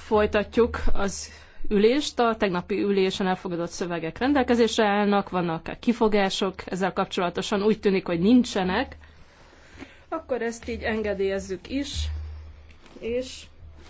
Folytatjuk az ülést. A tegnapi ülésen elfogadott szövegek rendelkezésre állnak, vannak -e kifogások ezzel kapcsolatosan, úgy tűnik, hogy nincsenek. Akkor ezt így engedélyezzük is, és